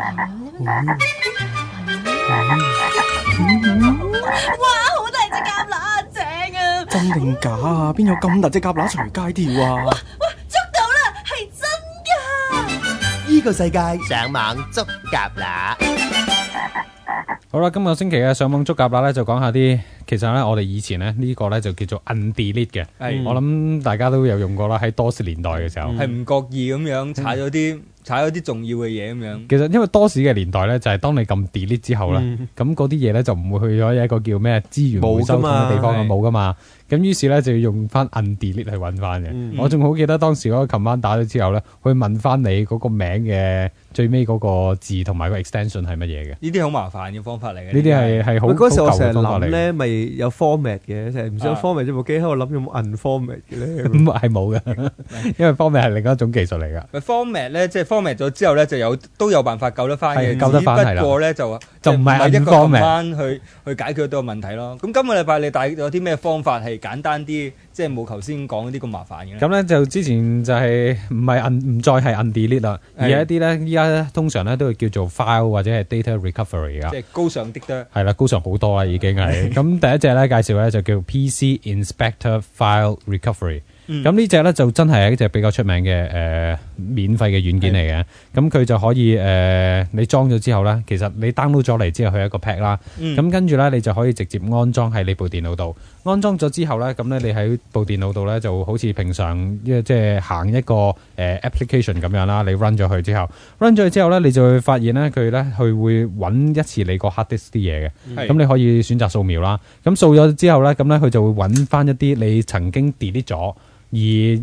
哇！好大隻蛤乸，正啊！真定假啊？邊有咁大隻蛤乸隨街跳啊？哇！捉到啦，係真噶！呢個世界上網捉蛤乸。 好啦，今個星期嘅上網捉蛤乸咧，就講下啲。其實咧，我哋以前呢，呢、呢個咧就叫做 undelete 嘅。嗯、我諗大家都有用過啦。喺 dos 年代嘅時候，係唔、嗯、覺意咁樣踩咗啲。踩咗啲重要嘅嘢咁樣，其實因為多市嘅年代咧，就係、是、當你咁 delete 之後咧，咁嗰啲嘢咧就唔會去咗一個叫咩資源回收咁嘅地方啊，冇噶嘛。咁於是咧就要用翻 undelete 去揾翻嘅。我仲好記得當時個 command 打咗之後咧，去問翻你嗰個名嘅最尾嗰個字同埋個 extension 係乜嘢嘅。呢啲好麻煩嘅方法嚟嘅。呢啲係係好舊嘅方法嚟。嗰時我成日諗咧，咪有 format 嘅，成日唔想 format 咗部機，喺度諗用 unformat 嘅，咧。咁係冇嘅，因為 format 係另一種技術嚟㗎。format 咧即係 format 咗之後咧就有都有辦法救得翻嘅。救得翻係，不過咧就就唔係一個琴晚去去解決到個問題咯。咁今個禮拜你帶有啲咩方法係？簡單啲，即係冇頭先講嗰啲咁麻煩嘅。咁咧就之前就係唔係摁唔再係 undelete 啦，的而一啲咧依家咧通常咧都會叫做 file 或者係 data recovery 噶。即係高尚啲得多。係啦，高尚好多啦，已經係。咁的 第一隻咧介紹咧就叫 PC Inspector File Recovery。咁、嗯、呢隻咧就真係一隻比較出名嘅誒、呃、免費嘅軟件嚟嘅，咁佢的就可以誒、呃、你裝咗之後咧，其實你 download 咗嚟之後，佢一個 pack 啦，咁、嗯、跟住咧你就可以直接安裝喺你部電腦度。安裝咗之後咧，咁咧你喺部電腦度咧就好似平常即係、就是、行一個誒、呃、application 咁樣啦，你 run 咗佢之後，run 咗佢之後咧，你就會發現咧佢咧佢會揾一次你個 hard disk 啲嘢嘅，咁的你可以選擇掃描啦，咁掃咗之後咧，咁咧佢就會揾返一啲你曾經 delete 咗。而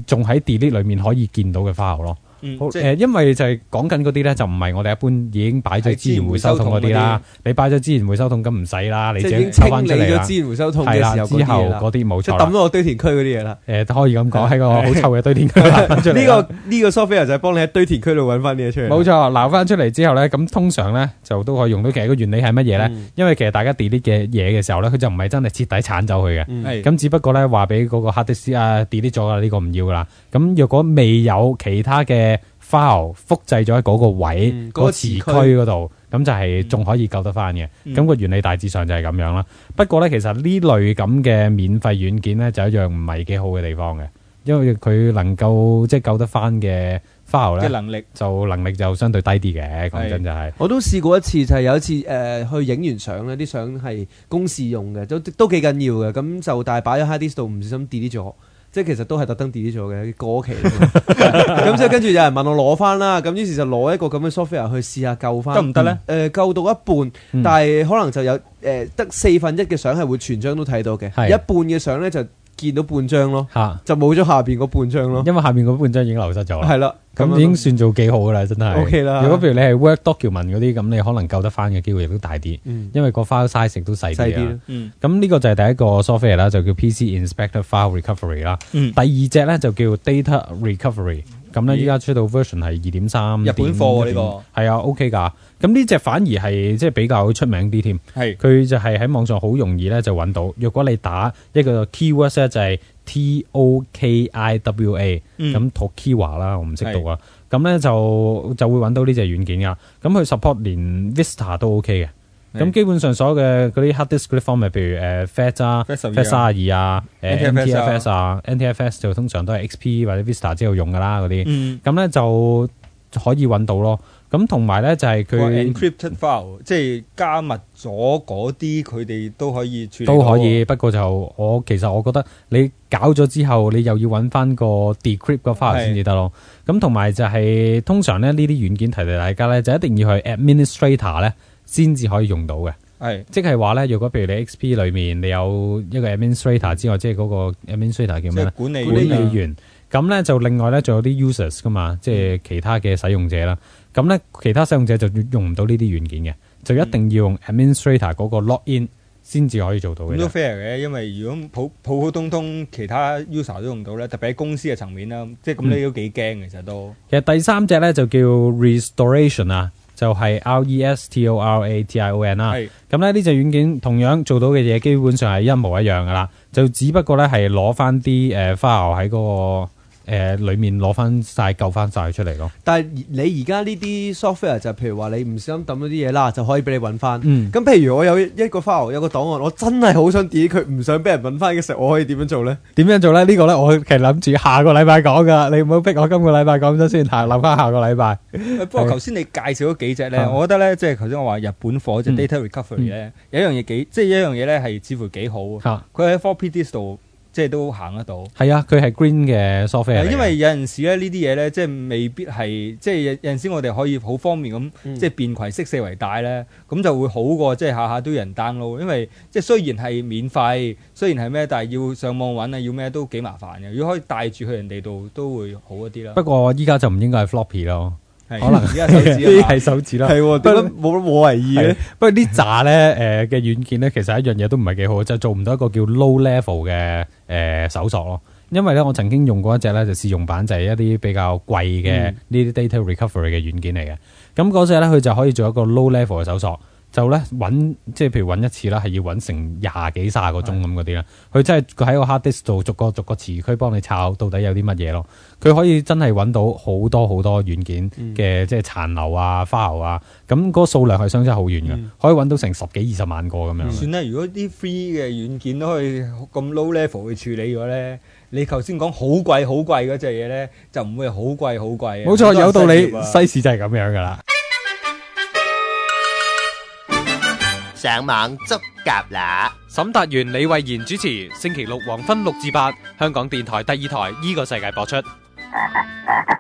仲喺 delete 裏面可以見到嘅 file 咯。誒，因為就係講緊嗰啲咧，就唔係我哋一般已經擺咗資源回收桶嗰啲啦，你擺咗資源回收桶咁唔使啦，你已經清理咗資源回收桶嘅時候，嗰啲冇錯，抌咗我堆填區嗰啲嘢啦，誒，可以咁講喺個好臭嘅堆填區啦，呢個呢個 Sophia 就係幫你喺堆填區度搵翻啲嘢出嚟。冇錯，撈翻出嚟之後咧，咁通常咧就都可以用到，其實個原理係乜嘢咧？因為其實大家 delete 嘅嘢嘅時候咧，佢就唔係真係徹底鏟走佢嘅，咁只不過咧話俾嗰個 hard disk 啊 delete 咗啊呢個唔要噶啦，咁若果未有其他嘅花 i l 複製咗喺嗰個位嗰字、嗯、區嗰度，咁區就係仲可以救得翻嘅。咁、嗯、個原理大致上就係咁樣啦。嗯、不過咧，其實呢類咁嘅免費軟件咧，就是、一樣唔係幾好嘅地方嘅，因為佢能夠即係、就是、救得翻嘅花 i 嘅能力就能力就相對低啲嘅。講、嗯、真就係、是，我都試過一次，就係、是、有一次誒、呃、去影完相咧，啲相係公事用嘅，都都幾緊要嘅。咁就大擺喺 h a 度，唔小心跌 e 咗。即係其實都係特登 delete 咗嘅過期，咁即 後跟住有人問我攞翻啦，咁於是就攞一個咁嘅 software 去試下救翻得唔得咧？誒、呃，救到一半，嗯、但係可能就有誒得、呃、四分一嘅相係會全張都睇到嘅，是一半嘅相咧就。見到半張咯，哈就冇咗下邊嗰半張咯。因為下邊嗰半張已經流失咗。係啦，咁已經算做幾好噶啦，真係。O K 啦。如果譬如你係 Word document 嗰啲，咁你可能救得翻嘅機會亦都大啲。嗯、因為個 file size 亦都細啲啊。咁呢、嗯、個就係第一個 software 啦，就叫 PC Inspector File Recovery 啦、嗯。第二隻咧就叫 Data Recovery。咁咧，依家出到 version 係二點三，日本貨嚟、啊呢個，係啊，OK 噶。咁呢隻反而係即係比較出名啲添，係佢係就係喺網上好容易咧就揾到。若果你打一個 keyword、T-O-K-I-W-A 咧、嗯，就係 tokiwa，咁 tokiwa 啦，我唔識讀啊。咁咧係就就會揾到呢隻軟件㗎。咁佢 support 連 Vista 都 OK 嘅。咁基本上所有嘅嗰啲 hard disk 嘅 format，譬如誒 FAT 啊、FAT 三二啊、誒 NTFS 啊、NTFS 就通常都係 XP 或者 Vista 之後用嘅啦嗰啲，咁咧就可以揾到咯。咁同埋咧就係佢 encrypt file，即係加密咗嗰啲，佢哋都可以處理。都可以，不過就我其實我覺得你搞咗之後，你又要揾翻個 decrypt 個 file 先至得咯。咁同埋就係通常咧呢啲軟件，提提大家咧，就一定要去 administrator 咧。先至可以用到嘅，係即係話咧，如果譬如你 XP 裏面你有一個 administrator 之外，即係嗰個 administrator 叫咩咧？管理、理人員，管理員。咁咧就另外咧，仲有啲 users 噶嘛，嗯、即係其他嘅使用者啦。咁咧，其他使用者就用唔到呢啲軟件嘅，就一定要用 administrator 嗰個 login 先至可以做到嘅。都 fair 嘅，因為如果普普普通通其他 user 都用到咧，特別喺公司嘅層面啦，即係咁你都幾驚其實都、嗯。其實第三隻咧就叫 restoration 啊。就係 R E S T O R A T I O N 啦，咁咧，呢隻軟件同樣做到嘅嘢基本上係一模一樣噶啦，就只不過咧係攞翻啲誒 file 喺嗰個。誒、呃，裡面攞翻晒，救翻晒出嚟咯。但係你而家呢啲 software 就是、譬如話，你唔小心抌咗啲嘢啦，就可以俾你揾翻。咁、嗯、譬如我有一個 file，有個檔案，我真係好想 delete 佢唔想俾人揾翻嘅時候，我可以點樣做咧？點樣做咧？呢、呢個咧，我其實諗住下個禮拜講噶，你唔好逼我今個禮拜講咗先，留翻下個禮拜。嗯、 不過頭先你介紹嗰幾隻咧，嗯、我覺得咧，即係頭先我話日本貨隻 data recovery 咧、嗯，嗯、有一樣嘢幾，即係一樣嘢咧係似乎幾好啊。佢喺 Four P D 度。即係都行得到，係啊！佢係 green 嘅、so、s software 啊，因為有陣時咧呢啲嘢咧，即係未必係，即係有陣時我哋可以好方便咁，嗯、即係便攜式四圍帶咧，咁就會好過即係下下都有人 download，因為即係雖然係免費，雖然係咩，但係要上網揾啊，要咩都幾麻煩嘅。如果可以帶住去人哋度，都會好一啲啦。不過依家就唔應該係 floppy 咯。可能而家手指 手指啦，係喎，不諗冇冇為意。不過呢扎咧，誒嘅軟件咧，其實一樣嘢都唔係幾好，就是、做唔到一個叫 low level 嘅誒、呃、搜索咯。因為咧，我曾經用過一隻咧就試用版，就係、是、一啲比較貴嘅呢啲 data recovery 嘅軟件嚟嘅。咁嗰隻咧，佢就可以做一個 low level 嘅搜索。就咧揾，即係譬如揾一次啦，係要揾成廿幾卅個鐘咁嗰啲啦。佢是的 真係佢喺個 hard disk 度逐個逐個磁區幫你炒，到底有啲乜嘢咯？佢可以真係揾到好多好多軟件嘅、嗯、即係殘留啊、花流啊。咁、那、嗰個數量係相差好遠嘅，嗯、可以揾到成十幾二十萬個咁樣。算啦，如果啲 free 嘅軟件都可以咁 low level 去處理嘅咧，你頭先講好貴好貴嗰隻嘢咧，就唔會好貴好貴。冇錯，啊、有道理，世事就係咁樣㗎啦。上網捉蛤乸。沈達元、李慧賢主持，星期六黃昏六至八，香港電台第二台呢、這個世界播出。